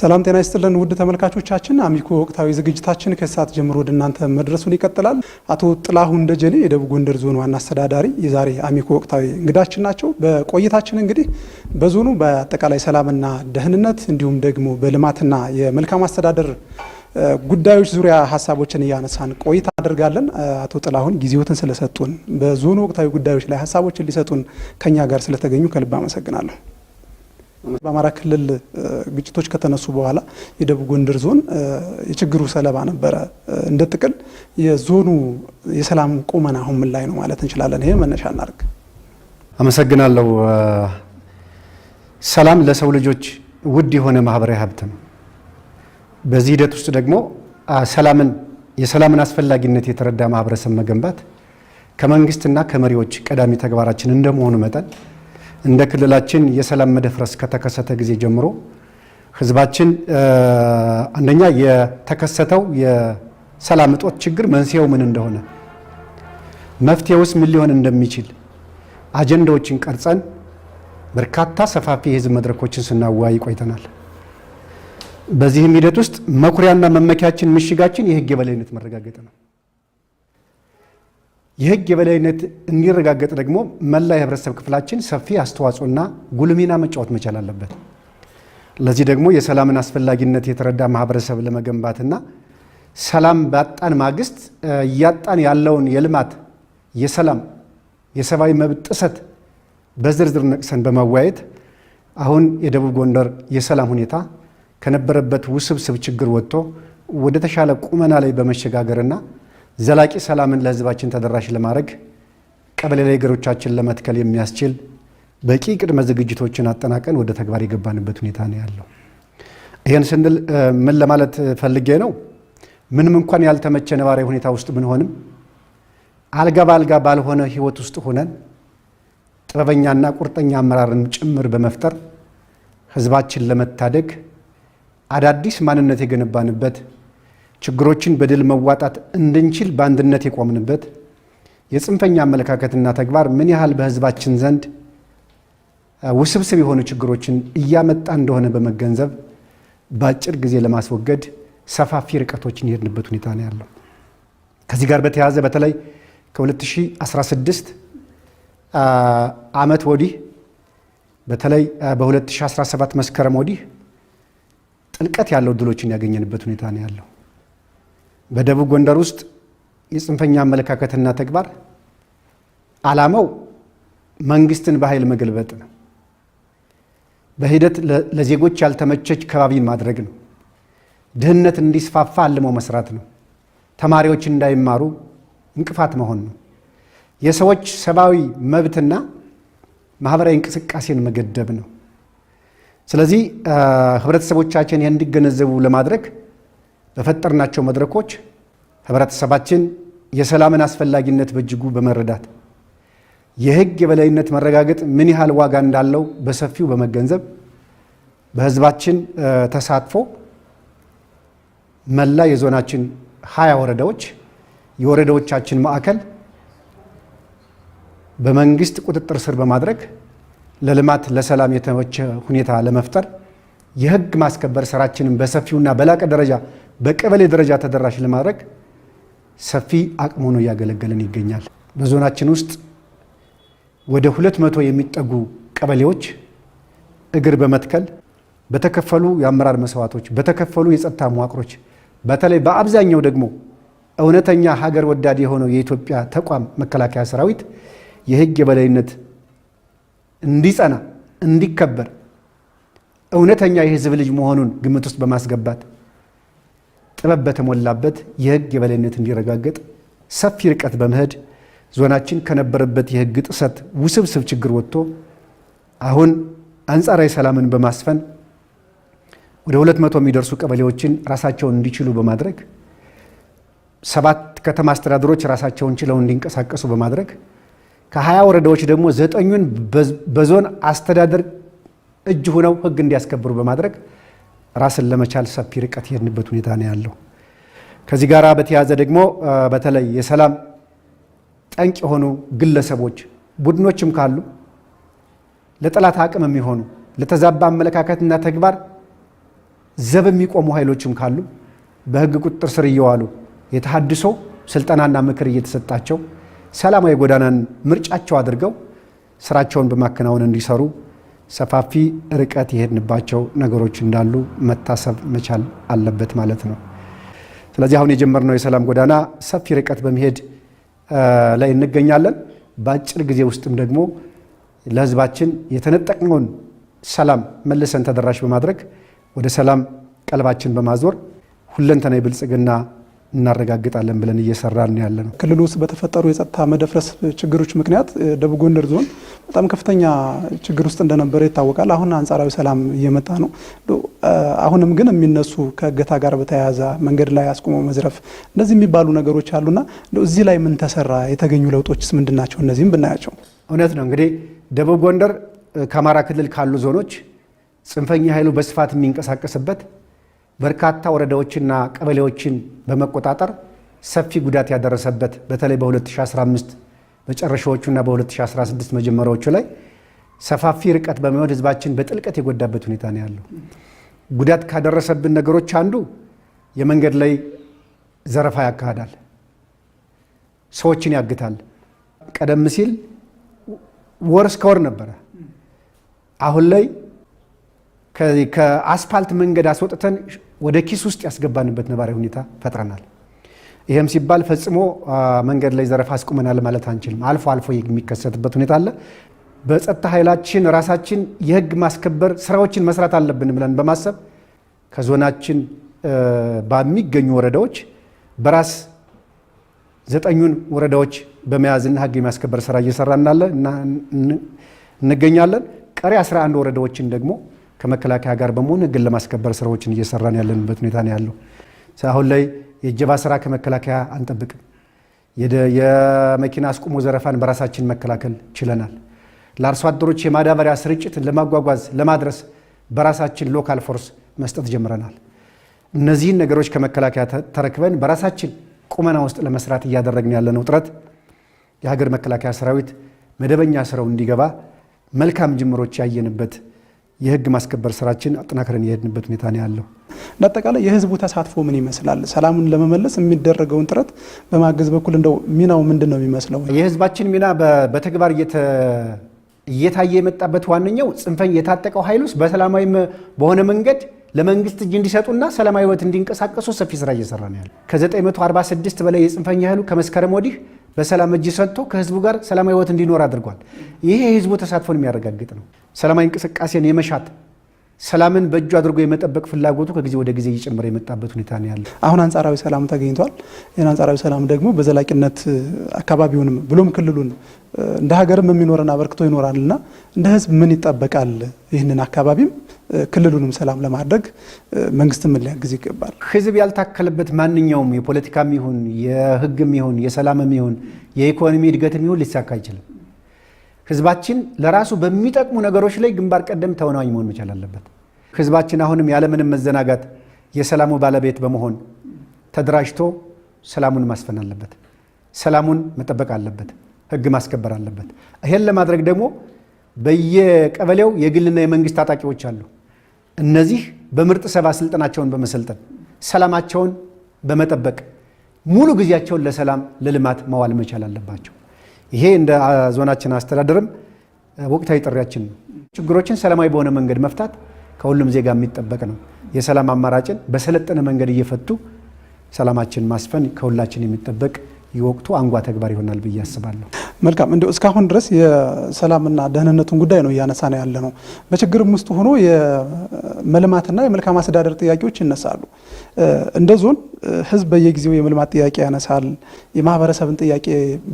ሰላም ጤና ይስጥልን ውድ ተመልካቾቻችን፣ አሚኮ ወቅታዊ ዝግጅታችን ከሰዓት ጀምሮ ወደ እናንተ መድረሱን ይቀጥላል። አቶ ጥላሁን ደጀኔ የደቡብ ጎንደር ዞን ዋና አስተዳዳሪ የዛሬ አሚኮ ወቅታዊ እንግዳችን ናቸው። በቆይታችን እንግዲህ በዞኑ በአጠቃላይ ሰላምና ደህንነት እንዲሁም ደግሞ በልማትና የመልካም አስተዳደር ጉዳዮች ዙሪያ ሀሳቦችን እያነሳን ቆይታ አድርጋለን። አቶ ጥላሁን ጊዜዎትን ስለሰጡን በዞኑ ወቅታዊ ጉዳዮች ላይ ሀሳቦችን ሊሰጡን ከኛ ጋር ስለተገኙ ከልብ አመሰግናለሁ። በአማራ ክልል ግጭቶች ከተነሱ በኋላ የደቡብ ጎንደር ዞን የችግሩ ሰለባ ነበረ። እንደ ጥቅል የዞኑ የሰላም ቁመና አሁን ምን ላይ ነው ማለት እንችላለን? ይሄ መነሻ እናርግ። አመሰግናለሁ። ሰላም ለሰው ልጆች ውድ የሆነ ማህበራዊ ሀብት ነው። በዚህ ሂደት ውስጥ ደግሞ ሰላምን የሰላምን አስፈላጊነት የተረዳ ማህበረሰብ መገንባት ከመንግስትና ከመሪዎች ቀዳሚ ተግባራችን እንደመሆኑ መጠን እንደ ክልላችን የሰላም መደፍረስ ከተከሰተ ጊዜ ጀምሮ ህዝባችን አንደኛ የተከሰተው የሰላም እጦት ችግር መንስኤው ምን እንደሆነ መፍትሄ ውስጥ ምን ሊሆን እንደሚችል አጀንዳዎችን ቀርጸን በርካታ ሰፋፊ የህዝብ መድረኮችን ስናወያይ ቆይተናል። በዚህም ሂደት ውስጥ መኩሪያና መመኪያችን ምሽጋችን የህግ የበላይነት መረጋገጥ ነው። የህግ የበላይነት እንዲረጋገጥ ደግሞ መላ የህብረተሰብ ክፍላችን ሰፊ አስተዋጽኦና ጉልሚና መጫወት መቻል አለበት። ለዚህ ደግሞ የሰላምን አስፈላጊነት የተረዳ ማህበረሰብ ለመገንባትና ሰላም ባጣን ማግስት እያጣን ያለውን የልማት፣ የሰላም፣ የሰብአዊ መብት ጥሰት በዝርዝር ነቅሰን በማወያየት አሁን የደቡብ ጎንደር የሰላም ሁኔታ ከነበረበት ውስብስብ ችግር ወጥቶ ወደ ተሻለ ቁመና ላይ በመሸጋገርና ዘላቂ ሰላምን ለህዝባችን ተደራሽ ለማድረግ ቀበሌ ላይ እግሮቻችን ለመትከል የሚያስችል በቂ ቅድመ ዝግጅቶችን አጠናቀን ወደ ተግባር የገባንበት ሁኔታ ነው ያለው። ይህን ስንል ምን ለማለት ፈልጌ ነው? ምንም እንኳን ያልተመቸ ነባራዊ ሁኔታ ውስጥ ብንሆንም አልጋ በአልጋ ባልሆነ ህይወት ውስጥ ሆነን ጥበበኛና ቁርጠኛ አመራርን ጭምር በመፍጠር ህዝባችን ለመታደግ አዳዲስ ማንነት የገነባንበት ችግሮችን በድል መዋጣት እንድንችል በአንድነት የቆምንበት የጽንፈኛ አመለካከትና ተግባር ምን ያህል በህዝባችን ዘንድ ውስብስብ የሆኑ ችግሮችን እያመጣ እንደሆነ በመገንዘብ በአጭር ጊዜ ለማስወገድ ሰፋፊ ርቀቶችን የሄድንበት ሁኔታ ነው ያለው። ከዚህ ጋር በተያያዘ በተለይ ከ2016 ዓመት ወዲህ በተለይ በ2017 መስከረም ወዲህ ጥልቀት ያለው ድሎችን ያገኘንበት ሁኔታ ነው ያለው። በደቡብ ጎንደር ውስጥ የጽንፈኛ አመለካከትና ተግባር ዓላማው መንግስትን በኃይል መገልበጥ ነው። በሂደት ለዜጎች ያልተመቸች ከባቢን ማድረግ ነው። ድህነት እንዲስፋፋ አልመው መስራት ነው። ተማሪዎች እንዳይማሩ እንቅፋት መሆን ነው። የሰዎች ሰብአዊ መብትና ማህበራዊ እንቅስቃሴን መገደብ ነው። ስለዚህ ህብረተሰቦቻችን ይህን እንዲገነዘቡ ለማድረግ በፈጠርናቸው መድረኮች ህብረተሰባችን የሰላምን አስፈላጊነት በእጅጉ በመረዳት የህግ የበላይነት መረጋገጥ ምን ያህል ዋጋ እንዳለው በሰፊው በመገንዘብ በህዝባችን ተሳትፎ መላ የዞናችን ሀያ ወረዳዎች የወረዳዎቻችን ማዕከል በመንግስት ቁጥጥር ስር በማድረግ ለልማት ለሰላም የተመቸ ሁኔታ ለመፍጠር የህግ ማስከበር ስራችንን በሰፊውና በላቀ ደረጃ በቀበሌ ደረጃ ተደራሽ ለማድረግ ሰፊ አቅም ሆኖ እያገለገለን ይገኛል። በዞናችን ውስጥ ወደ ሁለት መቶ የሚጠጉ ቀበሌዎች እግር በመትከል በተከፈሉ የአመራር መስዋዕቶች፣ በተከፈሉ የጸጥታ መዋቅሮች፣ በተለይ በአብዛኛው ደግሞ እውነተኛ ሀገር ወዳድ የሆነው የኢትዮጵያ ተቋም መከላከያ ሰራዊት የህግ የበላይነት እንዲጸና እንዲከበር እውነተኛ የህዝብ ልጅ መሆኑን ግምት ውስጥ በማስገባት ጥበብ በተሞላበት የህግ የበላይነት እንዲረጋገጥ ሰፊ ርቀት በመሄድ ዞናችን ከነበረበት የህግ ጥሰት ውስብስብ ችግር ወጥቶ አሁን አንጻራዊ ሰላምን በማስፈን ወደ ሁለት መቶ የሚደርሱ ቀበሌዎችን ራሳቸውን እንዲችሉ በማድረግ ሰባት ከተማ አስተዳደሮች ራሳቸውን ችለው እንዲንቀሳቀሱ በማድረግ ከ20 ወረዳዎች ደግሞ ዘጠኙን በዞን አስተዳደር እጅ ሆነው ህግ እንዲያስከብሩ በማድረግ ራስን ለመቻል ሰፊ ርቀት የሄድንበት ሁኔታ ነው ያለው። ከዚህ ጋር በተያያዘ ደግሞ በተለይ የሰላም ጠንቅ የሆኑ ግለሰቦች፣ ቡድኖችም ካሉ ለጠላት አቅም የሚሆኑ ለተዛባ አመለካከትና ተግባር ዘብ የሚቆሙ ኃይሎችም ካሉ በህግ ቁጥጥር ስር እየዋሉ የተሃድሶ ስልጠናና ምክር እየተሰጣቸው ሰላማዊ ጎዳናን ምርጫቸው አድርገው ስራቸውን በማከናወን እንዲሰሩ ሰፋፊ ርቀት የሄድንባቸው ነገሮች እንዳሉ መታሰብ መቻል አለበት ማለት ነው። ስለዚህ አሁን የጀመርነው የሰላም ጎዳና ሰፊ ርቀት በመሄድ ላይ እንገኛለን። በአጭር ጊዜ ውስጥም ደግሞ ለህዝባችን የተነጠቅነውን ሰላም መልሰን ተደራሽ በማድረግ ወደ ሰላም ቀልባችን በማዞር ሁለንተና የብልጽግና እናረጋግጣለን ብለን እየሰራን ነው ያለ ነው። ክልሉ ውስጥ በተፈጠሩ የጸጥታ መደፍረስ ችግሮች ምክንያት ደቡብ ጎንደር ዞን በጣም ከፍተኛ ችግር ውስጥ እንደነበረ ይታወቃል። አሁን አንጻራዊ ሰላም እየመጣ ነው። አሁንም ግን የሚነሱ ከእገታ ጋር በተያያዘ መንገድ ላይ አስቁመው መዝረፍ፣ እነዚህ የሚባሉ ነገሮች አሉና እዚህ ላይ ምን ተሰራ? የተገኙ ለውጦችስ ምንድን ናቸው? እነዚህም ብናያቸው እውነት ነው። እንግዲህ ደቡብ ጎንደር ከአማራ ክልል ካሉ ዞኖች ጽንፈኛ ኃይሉ በስፋት የሚንቀሳቀስበት በርካታ ወረዳዎችና ቀበሌዎችን በመቆጣጠር ሰፊ ጉዳት ያደረሰበት በተለይ በ2015 መጨረሻዎቹና በ2016 መጀመሪያዎቹ ላይ ሰፋፊ ርቀት በመሄድ ህዝባችን በጥልቀት የጎዳበት ሁኔታ ነው ያለው። ጉዳት ካደረሰብን ነገሮች አንዱ የመንገድ ላይ ዘረፋ ያካሂዳል፣ ሰዎችን ያግታል። ቀደም ሲል ወር እስከ ወር ነበረ። አሁን ላይ ከአስፓልት መንገድ አስወጥተን ወደ ኪስ ውስጥ ያስገባንበት ነባራዊ ሁኔታ ፈጥረናል። ይህም ሲባል ፈጽሞ መንገድ ላይ ዘረፋ አስቁመናል ማለት አንችልም። አልፎ አልፎ የሚከሰትበት ሁኔታ አለ። በጸጥታ ኃይላችን ራሳችን የህግ ማስከበር ስራዎችን መስራት አለብን ብለን በማሰብ ከዞናችን በሚገኙ ወረዳዎች በራስ ዘጠኙን ወረዳዎች በመያዝና ህግ የማስከበር ስራ እየሰራ እናለ እንገኛለን። ቀሪ 11 ወረዳዎችን ደግሞ ከመከላከያ ጋር በመሆን ህግን ለማስከበር ስራዎችን እየሰራን ያለንበት ሁኔታ ነው ያለው። አሁን ላይ የእጀባ ስራ ከመከላከያ አንጠብቅም። የመኪና አስቁሞ ዘረፋን በራሳችን መከላከል ችለናል። ለአርሶ አደሮች የማዳበሪያ ስርጭት ለማጓጓዝ ለማድረስ በራሳችን ሎካል ፎርስ መስጠት ጀምረናል። እነዚህን ነገሮች ከመከላከያ ተረክበን በራሳችን ቁመና ውስጥ ለመስራት እያደረግን ያለነው ጥረት የሀገር መከላከያ ሰራዊት መደበኛ ስራው እንዲገባ መልካም ጅምሮች ያየንበት የህግ ማስከበር ስራችን አጠናክረን የሄድንበት ሁኔታ ነው ያለው። እንደ አጠቃላይ የህዝቡ ተሳትፎ ምን ይመስላል? ሰላሙን ለመመለስ የሚደረገውን ጥረት በማገዝ በኩል እንደው ሚናው ምንድን ነው የሚመስለው? የህዝባችን ሚና በተግባር እየታየ የመጣበት ዋነኛው ጽንፈኝ የታጠቀው ኃይል ውስጥ በሰላማዊ በሆነ መንገድ ለመንግስት እጅ እንዲሰጡና ሰላማዊ ህይወት እንዲንቀሳቀሱ ሰፊ ስራ እየሰራ ነው ያለ ከ946 በላይ የጽንፈኛ ኃይሉ ከመስከረም ወዲህ በሰላም እጅ ሰጥቶ ከህዝቡ ጋር ሰላማዊ ህይወት እንዲኖር አድርጓል። ይሄ የህዝቡ ተሳትፎን የሚያረጋግጥ ነው። ሰላማዊ እንቅስቃሴን የመሻት ሰላምን በእጁ አድርጎ የመጠበቅ ፍላጎቱ ከጊዜ ወደ ጊዜ እየጨመረ የመጣበት ሁኔታ ነው ያለ። አሁን አንጻራዊ ሰላም ተገኝቷል። ይህን አንጻራዊ ሰላም ደግሞ በዘላቂነት አካባቢውንም ብሎም ክልሉን እንደ ሀገርም የሚኖረን አበርክቶ ይኖራልና እንደ ህዝብ ምን ይጠበቃል? ይህንን አካባቢም ክልሉንም ሰላም ለማድረግ መንግስት ምን ሊያግዝ ይገባል? ህዝብ ያልታከለበት ማንኛውም የፖለቲካም ይሁን የህግም ይሁን የሰላምም ይሁን የኢኮኖሚ እድገትም ይሁን ሊሳካ አይችልም። ህዝባችን ለራሱ በሚጠቅሙ ነገሮች ላይ ግንባር ቀደም ተወናኝ መሆን መቻል አለበት። ህዝባችን አሁንም ያለምንም መዘናጋት የሰላሙ ባለቤት በመሆን ተደራጅቶ ሰላሙን ማስፈን አለበት። ሰላሙን መጠበቅ አለበት። ህግ ማስከበር አለበት። ይሄን ለማድረግ ደግሞ በየቀበሌው የግልና የመንግስት ታጣቂዎች አሉ። እነዚህ በምርጥ ሰባ ስልጠናቸውን በመሰልጠን ሰላማቸውን በመጠበቅ ሙሉ ጊዜያቸውን ለሰላም ለልማት መዋል መቻል አለባቸው። ይሄ እንደ ዞናችን አስተዳደርም ወቅታዊ ጥሪያችን ነው። ችግሮችን ሰላማዊ በሆነ መንገድ መፍታት ከሁሉም ዜጋ የሚጠበቅ ነው። የሰላም አማራጭን በሰለጠነ መንገድ እየፈቱ ሰላማችን ማስፈን ከሁላችን የሚጠበቅ የወቅቱ አንጓ ተግባር ይሆናል ብዬ አስባለሁ። መልካም እንዲሁ እስካሁን ድረስ የሰላምና ደህንነቱን ጉዳይ ነው እያነሳ ነው ያለ ነው። በችግርም ውስጥ ሆኖ የመልማትና የመልካም አስተዳደር ጥያቄዎች ይነሳሉ። እንደ ዞን ህዝብ በየጊዜው የመልማት ጥያቄ ያነሳል። የማህበረሰብን ጥያቄ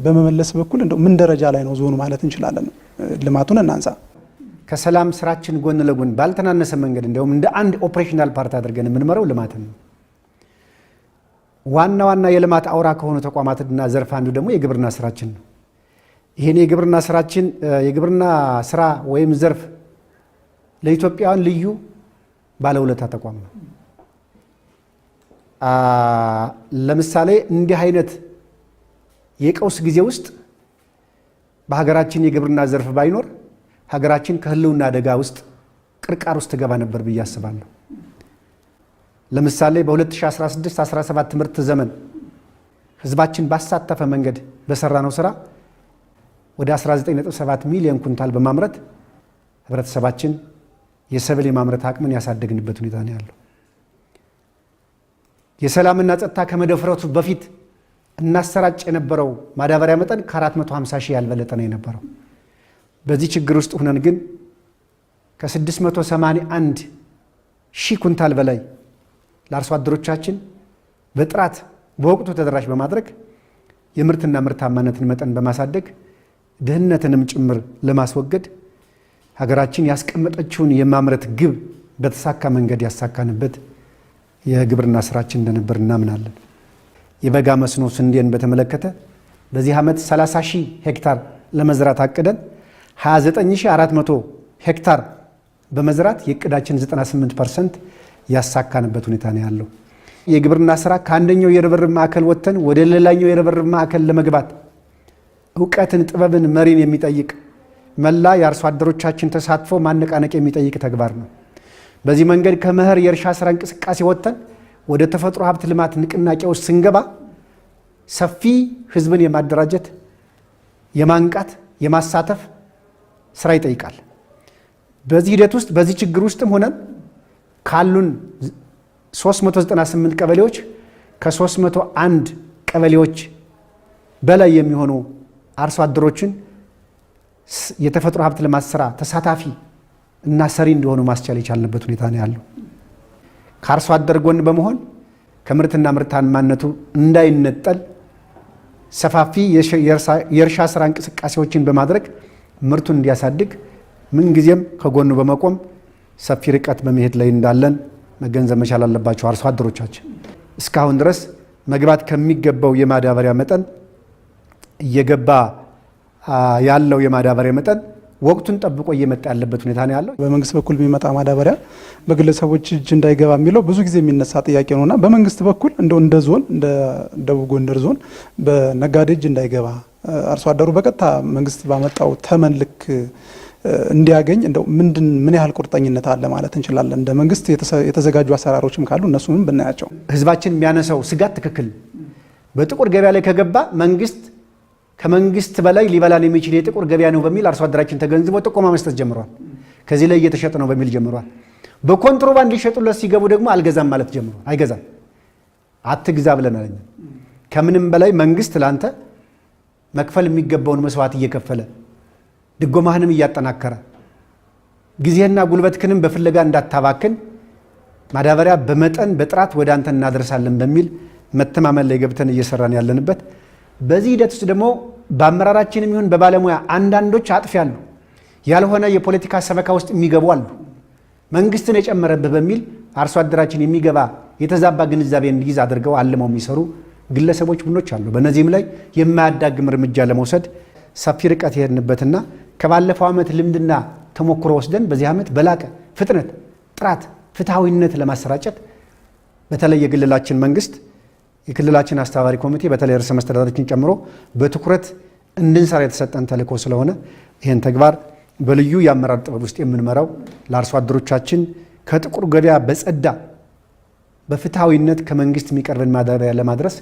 በመመለስ በኩል እንደው ምን ደረጃ ላይ ነው ዞኑ ማለት እንችላለን? ልማቱን እናንሳ። ከሰላም ስራችን ጎን ለጎን ባልተናነሰ መንገድ እንዲሁም እንደ አንድ ኦፕሬሽናል ፓርት አድርገን የምንመረው ልማት ነው። ዋና ዋና የልማት አውራ ከሆኑ ተቋማትና ዘርፍ አንዱ ደግሞ የግብርና ስራችን ነው። ይህን የግብርና ስራችን የግብርና ስራ ወይም ዘርፍ ለኢትዮጵያውያን ልዩ ባለውለታ ተቋም ነው። ለምሳሌ እንዲህ አይነት የቀውስ ጊዜ ውስጥ በሀገራችን የግብርና ዘርፍ ባይኖር ሀገራችን ከህልውና አደጋ ውስጥ ቅርቃር ውስጥ ትገባ ነበር ብዬ አስባለሁ። ለምሳሌ በ2016/17 ትምህርት ዘመን ህዝባችን ባሳተፈ መንገድ በሰራ ነው ስራ ወደ 19.7 ሚሊዮን ኩንታል በማምረት ህብረተሰባችን የሰብል የማምረት አቅምን ያሳደግንበት ሁኔታ ነው ያለው። የሰላምና ጸጥታ ከመደፍረቱ በፊት እናሰራጭ የነበረው ማዳበሪያ መጠን ከ450 ሺህ ያልበለጠ ነው የነበረው። በዚህ ችግር ውስጥ ሁነን ግን ከ681 ሺህ ኩንታል በላይ ለአርሶ አደሮቻችን በጥራት በወቅቱ ተደራሽ በማድረግ የምርትና ምርታማነትን መጠን በማሳደግ ድህነትንም ጭምር ለማስወገድ ሀገራችን ያስቀመጠችውን የማምረት ግብ በተሳካ መንገድ ያሳካንበት የግብርና ስራችን እንደነበር እናምናለን። የበጋ መስኖ ስንዴን በተመለከተ በዚህ ዓመት 30 ሺህ ሄክታር ለመዝራት አቅደን 29400 ሄክታር በመዝራት የእቅዳችን 98 ፐርሰንት ያሳካንበት ሁኔታ ነው ያለው። የግብርና ስራ ከአንደኛው የርብርብ ማዕከል ወጥተን ወደ ሌላኛው የርብርብ ማዕከል ለመግባት እውቀትን፣ ጥበብን፣ መሪን የሚጠይቅ መላ የአርሶ አደሮቻችን ተሳትፎ ማነቃነቅ የሚጠይቅ ተግባር ነው። በዚህ መንገድ ከመኸር የእርሻ ስራ እንቅስቃሴ ወጥተን ወደ ተፈጥሮ ሀብት ልማት ንቅናቄ ውስጥ ስንገባ ሰፊ ህዝብን የማደራጀት የማንቃት የማሳተፍ ስራ ይጠይቃል። በዚህ ሂደት ውስጥ በዚህ ችግር ውስጥም ሆነን ካሉን 398 ቀበሌዎች ከ301 ቀበሌዎች በላይ የሚሆኑ አርሶ አደሮችን የተፈጥሮ ሀብት ልማት ስራ ተሳታፊ እና ሰሪ እንዲሆኑ ማስቻል የቻልንበት ሁኔታ ነው ያለው። ከአርሶ አደር ጎን በመሆን ከምርትና ምርታማነቱ እንዳይነጠል ሰፋፊ የእርሻ ስራ እንቅስቃሴዎችን በማድረግ ምርቱን እንዲያሳድግ ምንጊዜም ከጎኑ በመቆም ሰፊ ርቀት በመሄድ ላይ እንዳለን መገንዘብ መቻል አለባቸው አርሶ አደሮቻችን። እስካሁን ድረስ መግባት ከሚገባው የማዳበሪያ መጠን እየገባ ያለው የማዳበሪያ መጠን ወቅቱን ጠብቆ እየመጣ ያለበት ሁኔታ ነው ያለው። በመንግስት በኩል የሚመጣ ማዳበሪያ በግለሰቦች እጅ እንዳይገባ የሚለው ብዙ ጊዜ የሚነሳ ጥያቄ ነውና በመንግስት በኩል እንደው እንደ ዞን እንደ ደቡብ ጎንደር ዞን በነጋዴ እጅ እንዳይገባ አርሶ አደሩ በቀጥታ መንግስት ባመጣው ተመን ልክ እንዲያገኝ እንደው ምንድን ምን ያህል ቁርጠኝነት አለ ማለት እንችላለን? እንደ መንግስት የተዘጋጁ አሰራሮችም ካሉ እነሱንም ብናያቸው። ህዝባችን የሚያነሳው ስጋት ትክክል፣ በጥቁር ገበያ ላይ ከገባ መንግስት ከመንግስት በላይ ሊበላን የሚችል የጥቁር ገበያ ነው በሚል አርሶ አደራችን ተገንዝቦ ጥቆማ መስጠት ጀምሯል። ከዚህ ላይ እየተሸጠ ነው በሚል ጀምሯል። በኮንትሮባንድ ሊሸጡለት ሲገቡ ደግሞ አልገዛም ማለት ጀምሯል። አይገዛም፣ አትግዛ ብለናል። ከምንም በላይ መንግስት ላንተ መክፈል የሚገባውን መስዋዕት እየከፈለ ድጎማህንም እያጠናከረ ጊዜህና ጉልበትክንም በፍለጋ እንዳታባክን ማዳበሪያ በመጠን በጥራት ወደ አንተ እናደርሳለን በሚል መተማመን ላይ ገብተን እየሰራን ያለንበት በዚህ ሂደት ውስጥ ደግሞ በአመራራችንም ይሁን በባለሙያ አንዳንዶች አጥፊ አሉ፣ ያልሆነ የፖለቲካ ሰበካ ውስጥ የሚገቡ አሉ። መንግስትን የጨመረብህ በሚል አርሶ አደራችን የሚገባ የተዛባ ግንዛቤ እንዲይዝ አድርገው አልመው የሚሰሩ ግለሰቦች፣ ቡድኖች አሉ። በእነዚህም ላይ የማያዳግም እርምጃ ለመውሰድ ሰፊ ርቀት የሄድንበትና ከባለፈው ዓመት ልምድና ተሞክሮ ወስደን በዚህ ዓመት በላቀ ፍጥነት፣ ጥራት፣ ፍትሐዊነት ለማሰራጨት በተለይ የግልላችን መንግስት የክልላችን አስተባባሪ ኮሚቴ በተለይ ርዕሰ መስተዳድራችን ጨምሮ በትኩረት እንድንሰራ የተሰጠን ተልዕኮ ስለሆነ ይህን ተግባር በልዩ የአመራር ጥበብ ውስጥ የምንመራው ለአርሶ አደሮቻችን ከጥቁር ገበያ በጸዳ በፍትሐዊነት ከመንግስት የሚቀርብን ማዳበሪያ ለማድረስ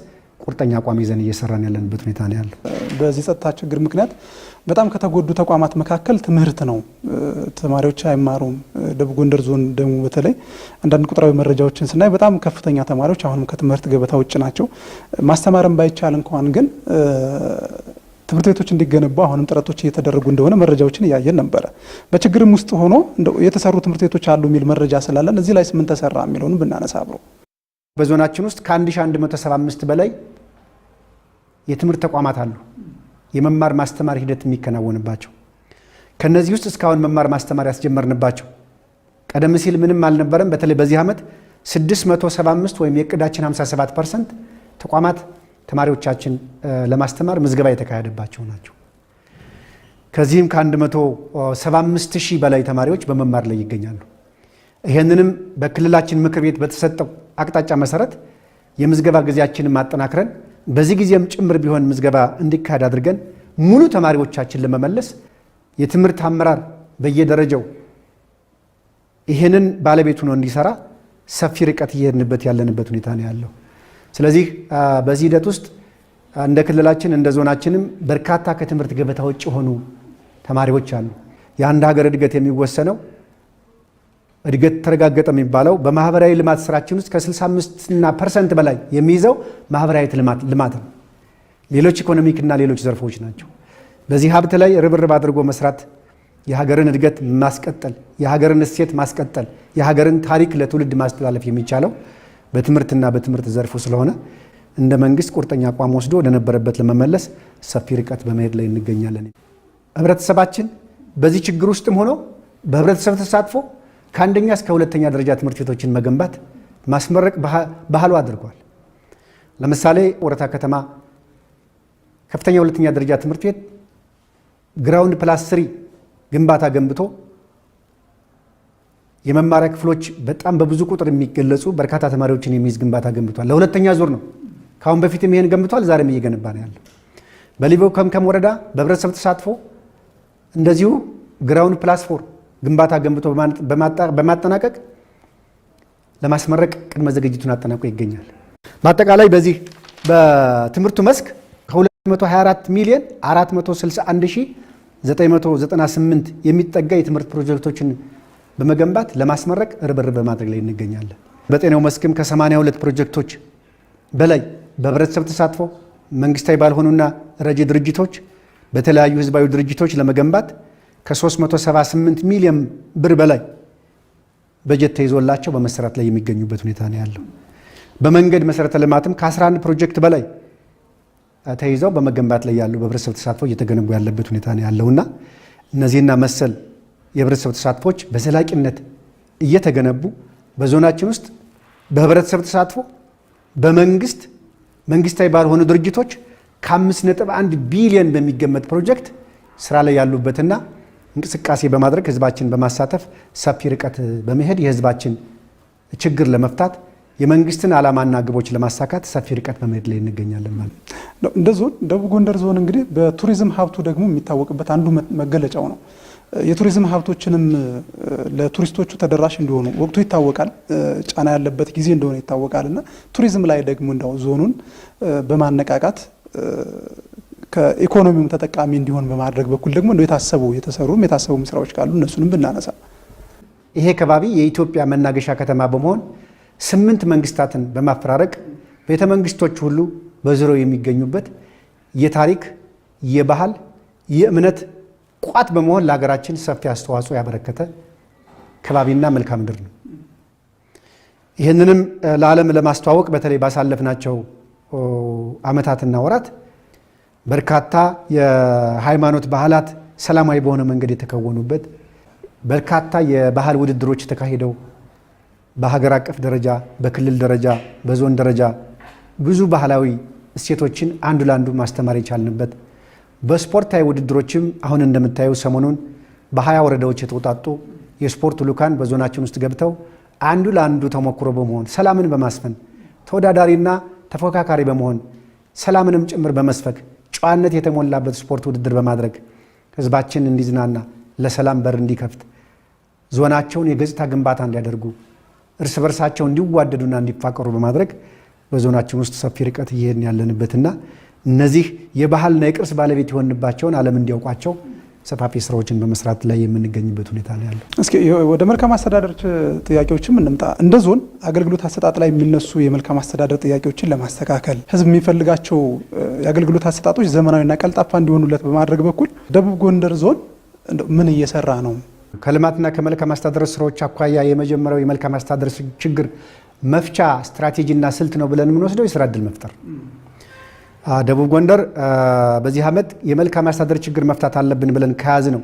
ቁርጠኛ አቋም ይዘን እየሰራን ያለንበት ሁኔታ ነው ያለው። በዚህ ጸጥታ ችግር ምክንያት በጣም ከተጎዱ ተቋማት መካከል ትምህርት ነው። ተማሪዎች አይማሩም። ደቡብ ጎንደር ዞን ደግሞ በተለይ አንዳንድ ቁጥራዊ መረጃዎችን ስናይ በጣም ከፍተኛ ተማሪዎች አሁንም ከትምህርት ገበታ ውጭ ናቸው። ማስተማርም ባይቻል እንኳን ግን ትምህርት ቤቶች እንዲገነቡ አሁንም ጥረቶች እየተደረጉ እንደሆነ መረጃዎችን እያየን ነበረ። በችግርም ውስጥ ሆኖ የተሰሩ ትምህርት ቤቶች አሉ የሚል መረጃ ስላለን እዚህ ላይ ምን ተሰራ የሚለውን ብናነሳ አብሮ በዞናችን ውስጥ ከ1175 በላይ የትምህርት ተቋማት አሉ። የመማር ማስተማር ሂደት የሚከናወንባቸው ከነዚህ ውስጥ እስካሁን መማር ማስተማር ያስጀመርንባቸው ቀደም ሲል ምንም አልነበረም። በተለይ በዚህ ዓመት 675 ወይም የእቅዳችን 57 ፐርሰንት ተቋማት ተማሪዎቻችን ለማስተማር ምዝገባ የተካሄደባቸው ናቸው። ከዚህም ከ175 ሺህ በላይ ተማሪዎች በመማር ላይ ይገኛሉ። ይህንንም በክልላችን ምክር ቤት በተሰጠው አቅጣጫ መሰረት የምዝገባ ጊዜያችንን ማጠናክረን በዚህ ጊዜም ጭምር ቢሆን ምዝገባ እንዲካሄድ አድርገን ሙሉ ተማሪዎቻችን ለመመለስ የትምህርት አመራር በየደረጃው ይህንን ባለቤቱ ነው እንዲሰራ ሰፊ ርቀት እየሄድንበት ያለንበት ሁኔታ ነው ያለው። ስለዚህ በዚህ ሂደት ውስጥ እንደ ክልላችን እንደ ዞናችንም በርካታ ከትምህርት ገበታ ውጭ የሆኑ ተማሪዎች አሉ። የአንድ ሀገር እድገት የሚወሰነው እድገት ተረጋገጠ የሚባለው በማህበራዊ ልማት ስራችን ውስጥ ከ65ና ፐርሰንት በላይ የሚይዘው ማህበራዊ ልማት ነው። ሌሎች ኢኮኖሚክና ሌሎች ዘርፎች ናቸው። በዚህ ሀብት ላይ ርብርብ አድርጎ መስራት የሀገርን እድገት ማስቀጠል፣ የሀገርን እሴት ማስቀጠል፣ የሀገርን ታሪክ ለትውልድ ማስተላለፍ የሚቻለው በትምህርትና በትምህርት ዘርፉ ስለሆነ እንደ መንግስት ቁርጠኛ አቋም ወስዶ ወደነበረበት ለመመለስ ሰፊ ርቀት በመሄድ ላይ እንገኛለን። ህብረተሰባችን በዚህ ችግር ውስጥም ሆኖ በህብረተሰብ ተሳትፎ ከአንደኛ እስከ ሁለተኛ ደረጃ ትምህርት ቤቶችን መገንባት ማስመረቅ ባህሉ አድርጓል። ለምሳሌ ወረታ ከተማ ከፍተኛ ሁለተኛ ደረጃ ትምህርት ቤት ግራውንድ ፕላስ ስሪ ግንባታ ገንብቶ የመማሪያ ክፍሎች በጣም በብዙ ቁጥር የሚገለጹ በርካታ ተማሪዎችን የሚይዝ ግንባታ ገንብቷል። ለሁለተኛ ዙር ነው። ከአሁን በፊትም ይሄን ገንብቷል። ዛሬም እየገነባ ነው ያለው። በሊቦ ከምከም ወረዳ በህብረተሰብ ተሳትፎ እንደዚሁ ግራውንድ ፕላስ ፎር ግንባታ ገንብቶ በማጠናቀቅ ለማስመረቅ ቅድመ ዝግጅቱን አጠናቆ ይገኛል። በአጠቃላይ በዚህ በትምህርቱ መስክ ከ224 ሚሊዮን 461998 የሚጠጋ የትምህርት ፕሮጀክቶችን በመገንባት ለማስመረቅ ርብርብ በማድረግ ላይ እንገኛለን። በጤናው መስክም ከ82 ፕሮጀክቶች በላይ በህብረተሰብ ተሳትፎ መንግስታዊ ባልሆኑና ረጂ ድርጅቶች በተለያዩ ህዝባዊ ድርጅቶች ለመገንባት ከ378 ሚሊዮን ብር በላይ በጀት ተይዞላቸው በመሰራት ላይ የሚገኙበት ሁኔታ ነው ያለው። በመንገድ መሰረተ ልማትም ከ11 ፕሮጀክት በላይ ተይዘው በመገንባት ላይ ያሉ በህብረተሰብ ተሳትፎ እየተገነቡ ያለበት ሁኔታ ነው ያለውና እነዚህና መሰል የህብረተሰብ ተሳትፎች በዘላቂነት እየተገነቡ በዞናችን ውስጥ በህብረተሰብ ተሳትፎ በመንግስት መንግስታዊ ባልሆኑ ድርጅቶች ከ5.1 ቢሊዮን በሚገመት ፕሮጀክት ስራ ላይ ያሉበትና እንቅስቃሴ በማድረግ ህዝባችን በማሳተፍ ሰፊ ርቀት በመሄድ የህዝባችን ችግር ለመፍታት የመንግስትን ዓላማና ግቦች ለማሳካት ሰፊ ርቀት በመሄድ ላይ እንገኛለን ማለት ነው። እንደ ዞን ደቡብ ጎንደር ዞን እንግዲህ በቱሪዝም ሀብቱ ደግሞ የሚታወቅበት አንዱ መገለጫው ነው። የቱሪዝም ሀብቶችንም ለቱሪስቶቹ ተደራሽ እንዲሆኑ ወቅቱ ይታወቃል፣ ጫና ያለበት ጊዜ እንደሆነ ይታወቃል እና ቱሪዝም ላይ ደግሞ እንደው ዞኑን በማነቃቃት ከኢኮኖሚውም ተጠቃሚ እንዲሆን በማድረግ በኩል ደግሞ እንደው የታሰቡ የተሰሩም የታሰቡም ስራዎች ካሉ እነሱንም ብናነሳ ይሄ ከባቢ የኢትዮጵያ መናገሻ ከተማ በመሆን ስምንት መንግስታትን በማፈራረቅ ቤተ መንግስቶች ሁሉ በዙሪያው የሚገኙበት የታሪክ፣ የባህል፣ የእምነት ቋት በመሆን ለሀገራችን ሰፊ አስተዋጽኦ ያበረከተ ከባቢና መልክዓ ምድር ነው። ይህንንም ለዓለም ለማስተዋወቅ በተለይ ባሳለፍናቸው ዓመታትና ወራት በርካታ የሃይማኖት በዓላት ሰላማዊ በሆነ መንገድ የተከወኑበት በርካታ የባህል ውድድሮች ተካሂደው በሀገር አቀፍ ደረጃ፣ በክልል ደረጃ፣ በዞን ደረጃ ብዙ ባህላዊ እሴቶችን አንዱ ለአንዱ ማስተማር የቻልንበት በስፖርታዊ ውድድሮችም አሁን እንደምታየው ሰሞኑን በሀያ ወረዳዎች የተውጣጡ የስፖርት ልኡካን በዞናችን ውስጥ ገብተው አንዱ ለአንዱ ተሞክሮ በመሆን ሰላምን በማስፈን ተወዳዳሪና ተፎካካሪ በመሆን ሰላምንም ጭምር በመስፈክ ጨዋነት የተሞላበት ስፖርት ውድድር በማድረግ ህዝባችን እንዲዝናና ለሰላም በር እንዲከፍት ዞናቸውን የገጽታ ግንባታ እንዲያደርጉ እርስ በርሳቸው እንዲዋደዱና እንዲፋቀሩ በማድረግ በዞናችን ውስጥ ሰፊ ርቀት እየሄድን ያለንበትና እነዚህ የባህልና የቅርስ ባለቤት የሆንባቸውን ዓለም እንዲያውቋቸው ሰፋፊ ስራዎችን በመስራት ላይ የምንገኝበት ሁኔታ ነው ያለው። እስኪ ወደ መልካም አስተዳደር ጥያቄዎችም እንምጣ። እንደ ዞን አገልግሎት አሰጣጥ ላይ የሚነሱ የመልካም አስተዳደር ጥያቄዎችን ለማስተካከል ህዝብ የሚፈልጋቸው የአገልግሎት አሰጣጦች ዘመናዊና ቀልጣፋ እንዲሆኑለት በማድረግ በኩል ደቡብ ጎንደር ዞን ምን እየሰራ ነው? ከልማትና ከመልካም አስተዳደር ስራዎች አኳያ የመጀመሪያው የመልካም አስተዳደር ችግር መፍቻ ስትራቴጂና ስልት ነው ብለን የምንወስደው የስራ እድል መፍጠር ደቡብ ጎንደር በዚህ ዓመት የመልካም አስተዳደር ችግር መፍታት አለብን ብለን ከያዝ ነው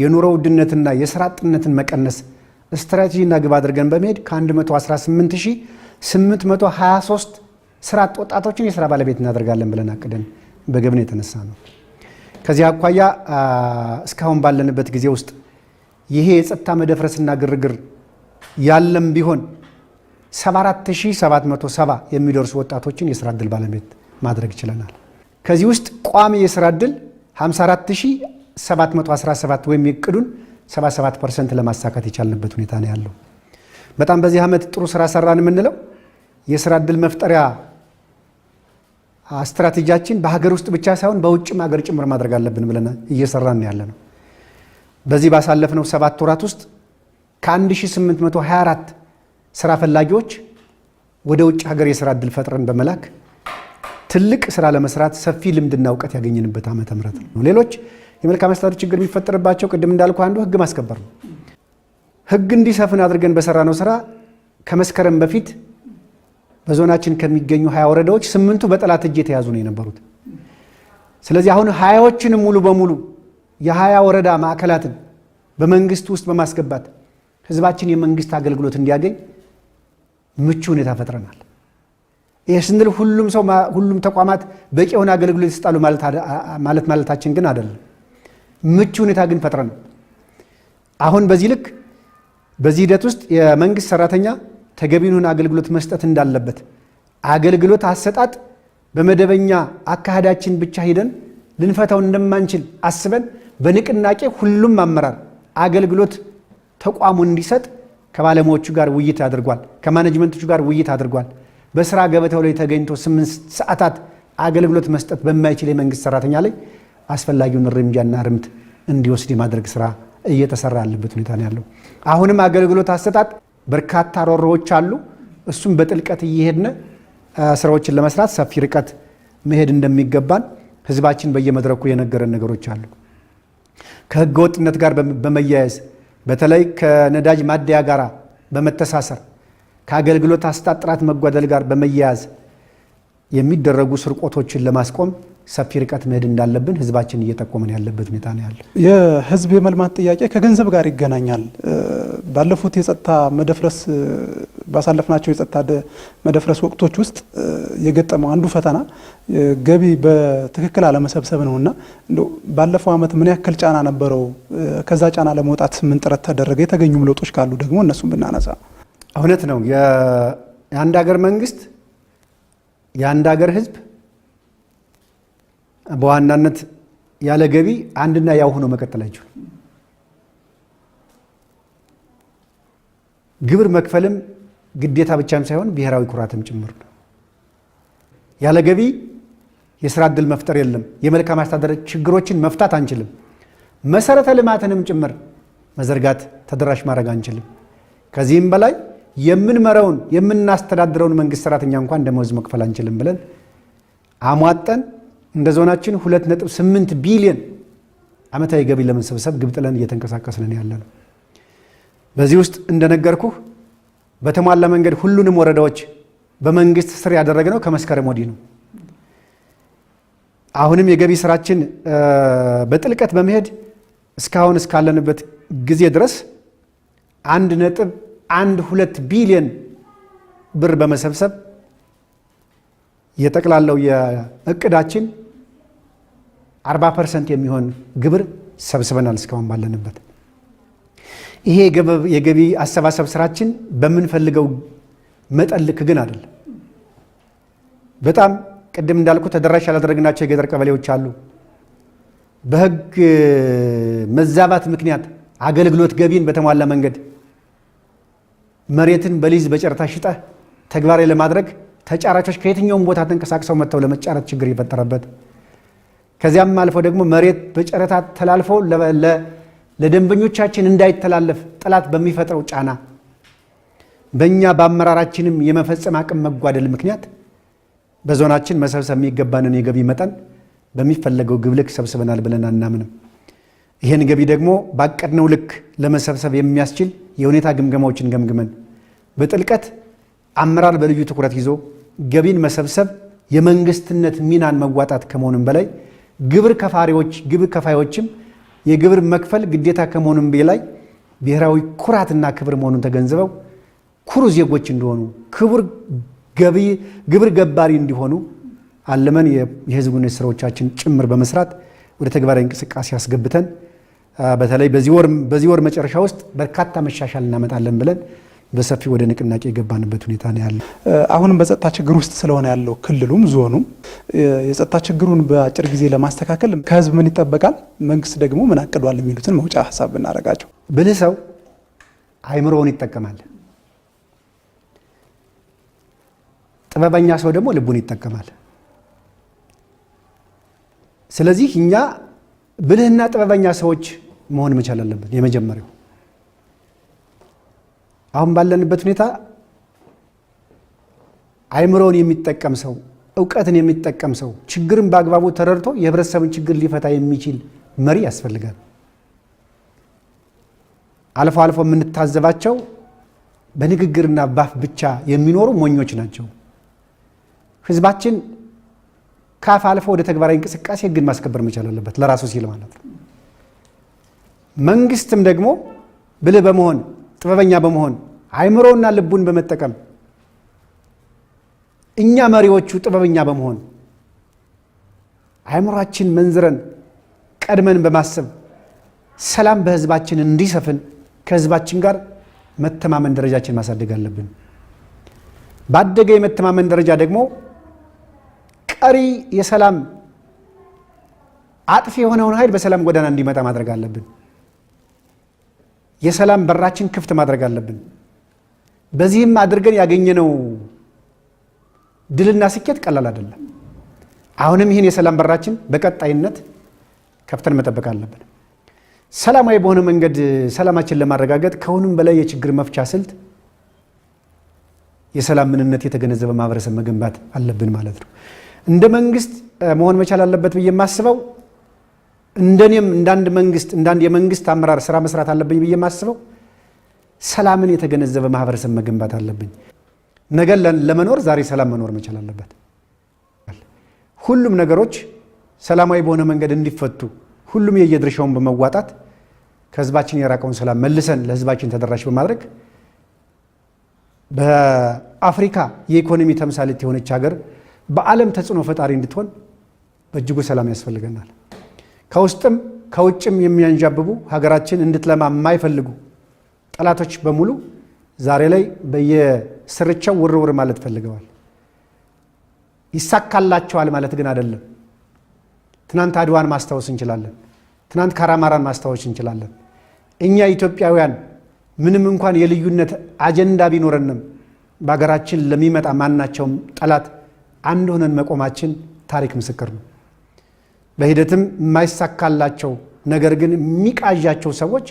የኑሮ ውድነትና የስራ አጥነትን መቀነስ ስትራቴጂና ግብ አድርገን በመሄድ ከ118823 ስራ አጥ ወጣቶችን የስራ ባለቤት እናደርጋለን ብለን አቅደን በግብን የተነሳ ነው። ከዚህ አኳያ እስካሁን ባለንበት ጊዜ ውስጥ ይሄ የጸጥታ መደፍረስና ግርግር ያለም ቢሆን 74770 የሚደርሱ ወጣቶችን የስራ እድል ባለቤት ማድረግ ችለናል። ከዚህ ውስጥ ቋሚ የስራ ዕድል 54717 ወይም የቅዱን 77 ፐርሰንት ለማሳካት የቻልንበት ሁኔታ ነው ያለው። በጣም በዚህ ዓመት ጥሩ ስራ ሰራን የምንለው የስራ ዕድል መፍጠሪያ ስትራቴጂያችን በሀገር ውስጥ ብቻ ሳይሆን በውጭም ሀገር ጭምር ማድረግ አለብን ብለን እየሰራን ያለ ነው። በዚህ ባሳለፍነው ሰባት ወራት ውስጥ ከ1824 ስራ ፈላጊዎች ወደ ውጭ ሀገር የስራ ዕድል ፈጥረን በመላክ ትልቅ ስራ ለመስራት ሰፊ ልምድና እውቀት ያገኘንበት ዓመተ ምህረት ነው። ሌሎች የመልካም አስተዳደር ችግር የሚፈጠርባቸው ቅድም እንዳልኩ አንዱ ህግ ማስከበር ነው። ህግ እንዲሰፍን አድርገን በሰራነው ስራ ከመስከረም በፊት በዞናችን ከሚገኙ ሀያ ወረዳዎች ስምንቱ በጠላት እጅ የተያዙ ነው የነበሩት። ስለዚህ አሁን ሀያዎችንም ሙሉ በሙሉ የሀያ ወረዳ ማዕከላትን በመንግስት ውስጥ በማስገባት ህዝባችን የመንግስት አገልግሎት እንዲያገኝ ምቹ ሁኔታ ፈጥረናል። ይህ ስንል ሁሉም ሰው ሁሉም ተቋማት በቂ የሆነ አገልግሎት ይሰጣሉ ማለት ማለታችን ግን አይደለም። ምቹ ሁኔታ ግን ፈጥረን አሁን በዚህ ልክ በዚህ ሂደት ውስጥ የመንግስት ሰራተኛ ተገቢውን አገልግሎት መስጠት እንዳለበት አገልግሎት አሰጣጥ በመደበኛ አካሄዳችን ብቻ ሂደን ልንፈታው እንደማንችል አስበን በንቅናቄ ሁሉም አመራር አገልግሎት ተቋሙን እንዲሰጥ ከባለሙያዎቹ ጋር ውይይት አድርጓል። ከማኔጅመንቶቹ ጋር ውይይት አድርጓል። በስራ ገበታው ላይ ተገኝቶ ስምንት ሰዓታት አገልግሎት መስጠት በማይችል የመንግስት ሰራተኛ ላይ አስፈላጊውን እርምጃና ርምት እንዲወስድ የማድረግ ስራ እየተሰራ ያለበት ሁኔታ ነው ያለው። አሁንም አገልግሎት አሰጣጥ በርካታ ሮሮዎች አሉ። እሱም በጥልቀት እየሄድን ስራዎችን ለመስራት ሰፊ ርቀት መሄድ እንደሚገባን ህዝባችን በየመድረኩ የነገረን ነገሮች አሉ። ከህገ ወጥነት ጋር በመያያዝ በተለይ ከነዳጅ ማደያ ጋር በመተሳሰር ከአገልግሎት አሰጣጥ ጥራት መጓደል ጋር በመያያዝ የሚደረጉ ስርቆቶችን ለማስቆም ሰፊ ርቀት መሄድ እንዳለብን ህዝባችን እየጠቆመን ያለበት ሁኔታ ነው ያለ። የህዝብ የመልማት ጥያቄ ከገንዘብ ጋር ይገናኛል። ባለፉት የጸጥታ መደፍረስ ባሳለፍናቸው የጸጥታ መደፍረስ ወቅቶች ውስጥ የገጠመው አንዱ ፈተና ገቢ በትክክል አለመሰብሰብ ነው እና ባለፈው ዓመት ምን ያክል ጫና ነበረው? ከዛ ጫና ለመውጣት ምን ጥረት ተደረገ? የተገኙም ለውጦች ካሉ ደግሞ እነሱም ብናነሳ እውነት ነው። የአንድ ሀገር መንግስት የአንድ ሀገር ህዝብ በዋናነት ያለ ገቢ አንድና ያው ሆኖ መቀጠል አይችሉም። ግብር መክፈልም ግዴታ ብቻም ሳይሆን ብሔራዊ ኩራትም ጭምር ነው። ያለ ገቢ የስራ እድል መፍጠር የለም። የመልካም አስተዳደር ችግሮችን መፍታት አንችልም። መሰረተ ልማትንም ጭምር መዘርጋት፣ ተደራሽ ማድረግ አንችልም። ከዚህም በላይ የምንመራውን የምናስተዳድረውን መንግስት ሰራተኛ እንኳን ደመወዝ መክፈል አንችልም ብለን አሟጠን እንደ ዞናችን 2.8 ቢሊዮን ዓመታዊ ገቢ ለመሰብሰብ ግብ ጥለን እየተንቀሳቀስን ያለ ነው። በዚህ ውስጥ እንደነገርኩህ በተሟላ መንገድ ሁሉንም ወረዳዎች በመንግስት ስር ያደረግነው ከመስከረም ወዲህ ነው። አሁንም የገቢ ስራችን በጥልቀት በመሄድ እስካሁን እስካለንበት ጊዜ ድረስ አንድ ነጥብ አንድ ሁለት ቢሊዮን ብር በመሰብሰብ የጠቅላላው የእቅዳችን 40 ፐርሰንት የሚሆን ግብር ሰብስበናል እስካሁን ባለንበት። ይሄ የገቢ አሰባሰብ ስራችን በምንፈልገው መጠን ልክ ግን አይደለም። በጣም ቅድም እንዳልኩ ተደራሽ ያላደረግናቸው የገጠር ቀበሌዎች አሉ። በህግ መዛባት ምክንያት አገልግሎት ገቢን በተሟላ መንገድ መሬትን በሊዝ በጨረታ ሽጠ ተግባራዊ ለማድረግ ተጫራቾች ከየትኛውም ቦታ ተንቀሳቅሰው መጥተው ለመጫረት ችግር የፈጠረበት ከዚያም አልፎ ደግሞ መሬት በጨረታ ተላልፎ ለደንበኞቻችን እንዳይተላለፍ ጠላት በሚፈጥረው ጫና በእኛ በአመራራችንም የመፈጸም አቅም መጓደል ምክንያት በዞናችን መሰብሰብ የሚገባንን የገቢ መጠን በሚፈለገው ግብ ልክ ሰብስበናል ብለን አናምንም። ይህን ገቢ ደግሞ ባቀድነው ልክ ለመሰብሰብ የሚያስችል የሁኔታ ግምገማዎችን ገምግመን በጥልቀት አመራር በልዩ ትኩረት ይዞ ገቢን መሰብሰብ የመንግስትነት ሚናን መዋጣት ከመሆኑም በላይ ግብር ከፋሪዎች ግብር ከፋዮችም የግብር መክፈል ግዴታ ከመሆኑም በላይ ብሔራዊ ኩራትና ክብር መሆኑን ተገንዝበው ኩሩ ዜጎች እንዲሆኑ ክቡር ግብር ገባሪ እንዲሆኑ አለመን የህዝብ ስራዎቻችን ጭምር በመስራት ወደ ተግባራዊ እንቅስቃሴ አስገብተን በተለይ በዚህ ወር መጨረሻ ውስጥ በርካታ መሻሻል እናመጣለን ብለን በሰፊው ወደ ንቅናቄ የገባንበት ሁኔታ ነው ያለ። አሁንም በጸጥታ ችግር ውስጥ ስለሆነ ያለው ክልሉም ዞኑም የጸጥታ ችግሩን በአጭር ጊዜ ለማስተካከል ከህዝብ ምን ይጠበቃል፣ መንግስት ደግሞ ምን አቅዷል የሚሉትን መውጫ ሀሳብ ብናደርጋቸው። ብልህ ሰው አይምሮውን ይጠቀማል፣ ጥበበኛ ሰው ደግሞ ልቡን ይጠቀማል። ስለዚህ እኛ ብልህና ጥበበኛ ሰዎች መሆን መቻል አለበት የመጀመሪያው አሁን ባለንበት ሁኔታ አይምሮውን የሚጠቀም ሰው፣ እውቀትን የሚጠቀም ሰው፣ ችግርን በአግባቡ ተረድቶ የህብረተሰብን ችግር ሊፈታ የሚችል መሪ ያስፈልጋል። አልፎ አልፎ የምንታዘባቸው በንግግርና ባፍ ብቻ የሚኖሩ ሞኞች ናቸው። ህዝባችን ካፍ አልፎ ወደ ተግባራዊ እንቅስቃሴ ህግን ማስከበር መቻል አለበት፣ ለራሱ ሲል ማለት ነው። መንግስትም ደግሞ ብልህ በመሆን ጥበበኛ በመሆን አይምሮና ልቡን በመጠቀም እኛ መሪዎቹ ጥበበኛ በመሆን አእምሯችን መንዝረን ቀድመን በማሰብ ሰላም በህዝባችን እንዲሰፍን ከህዝባችን ጋር መተማመን ደረጃችን ማሳደግ አለብን። ባደገ የመተማመን ደረጃ ደግሞ ቀሪ የሰላም አጥፊ የሆነውን ኃይል በሰላም ጎዳና እንዲመጣ ማድረግ አለብን። የሰላም በራችን ክፍት ማድረግ አለብን። በዚህም አድርገን ያገኘነው ድልና ስኬት ቀላል አይደለም። አሁንም ይህን የሰላም በራችን በቀጣይነት ከፍተን መጠበቅ አለብን። ሰላማዊ በሆነ መንገድ ሰላማችን ለማረጋገጥ ከሁንም በላይ የችግር መፍቻ ስልት የሰላም ምንነት የተገነዘበ ማህበረሰብ መገንባት አለብን ማለት ነው። እንደ መንግስት መሆን መቻል አለበት ብዬ የማስበው እንደኔም እንዳንድ መንግስት እንዳንድ የመንግስት አመራር ስራ መስራት አለብኝ ብዬ የማስበው ሰላምን የተገነዘበ ማህበረሰብ መገንባት አለብኝ። ነገ ለመኖር ዛሬ ሰላም መኖር መቻል አለበት። ሁሉም ነገሮች ሰላማዊ በሆነ መንገድ እንዲፈቱ ሁሉም የየድርሻውን በመዋጣት ከህዝባችን የራቀውን ሰላም መልሰን ለህዝባችን ተደራሽ በማድረግ በአፍሪካ የኢኮኖሚ ተምሳሌት የሆነች ሀገር በዓለም ተጽዕኖ ፈጣሪ እንድትሆን በእጅጉ ሰላም ያስፈልገናል። ከውስጥም ከውጭም የሚያንዣብቡ ሀገራችን እንድትለማ የማይፈልጉ ጠላቶች በሙሉ ዛሬ ላይ በየስርቻው ውርውር ማለት ፈልገዋል። ይሳካላቸዋል ማለት ግን አይደለም። ትናንት አድዋን ማስታወስ እንችላለን። ትናንት ካራማራን ማስታወስ እንችላለን። እኛ ኢትዮጵያውያን ምንም እንኳን የልዩነት አጀንዳ ቢኖረንም በሀገራችን ለሚመጣ ማናቸውም ጠላት አንድ ሆነን መቆማችን ታሪክ ምስክር ነው። በሂደትም የማይሳካላቸው ነገር ግን የሚቃዣቸው ሰዎች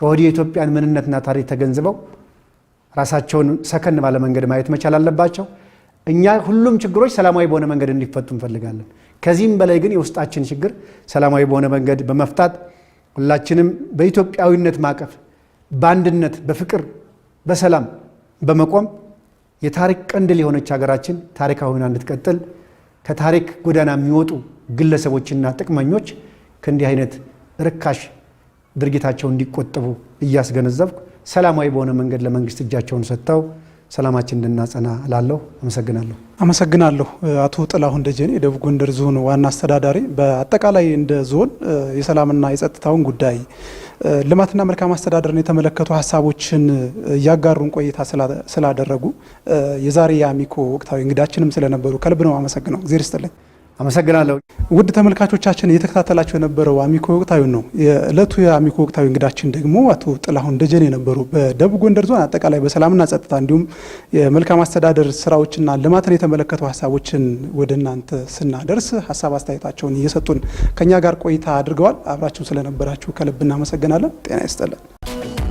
ከወዲህ የኢትዮጵያን ምንነትና ታሪክ ተገንዝበው ራሳቸውን ሰከን ባለ መንገድ ማየት መቻል አለባቸው። እኛ ሁሉም ችግሮች ሰላማዊ በሆነ መንገድ እንዲፈቱ እንፈልጋለን። ከዚህም በላይ ግን የውስጣችን ችግር ሰላማዊ በሆነ መንገድ በመፍታት ሁላችንም በኢትዮጵያዊነት ማቀፍ፣ በአንድነት፣ በፍቅር፣ በሰላም በመቆም የታሪክ ቀንድል የሆነች ሀገራችን ታሪካዊ እንድትቀጥል ከታሪክ ጎዳና የሚወጡ ግለሰቦችና ጥቅመኞች ከእንዲህ አይነት ርካሽ ድርጊታቸው እንዲቆጠቡ እያስገነዘብኩ ሰላማዊ በሆነ መንገድ ለመንግስት እጃቸውን ሰጥተው ሰላማችን እንድናጸና እላለሁ። አመሰግናለሁ። አመሰግናለሁ አቶ ጥላሁን ደጀኔ የደቡብ ጎንደር ዞን ዋና አስተዳዳሪ። በአጠቃላይ እንደ ዞን የሰላምና የጸጥታውን ጉዳይ ልማትና መልካም አስተዳደርን የተመለከቱ ሀሳቦችን እያጋሩን ቆይታ ስላደረጉ የዛሬ የአሚኮ ወቅታዊ እንግዳችንም ስለነበሩ ከልብ ነው አመሰግነው። እግዜር ይስጥልኝ። አመሰግናለሁ። ውድ ተመልካቾቻችን እየተከታተላቸው የነበረው አሚኮ ወቅታዊ ነው። የዕለቱ የአሚኮ ወቅታዊ እንግዳችን ደግሞ አቶ ጥላሁን ደጀኔ የነበሩ በደቡብ ጎንደር ዞን አጠቃላይ በሰላምና ጸጥታ እንዲሁም የመልካም አስተዳደር ስራዎችና ልማትን የተመለከቱ ሀሳቦችን ወደ እናንተ ስናደርስ ሀሳብ አስተያየታቸውን እየሰጡን ከእኛ ጋር ቆይታ አድርገዋል። አብራችሁ ስለነበራችሁ ከልብ እናመሰግናለን። ጤና ይስጠለን።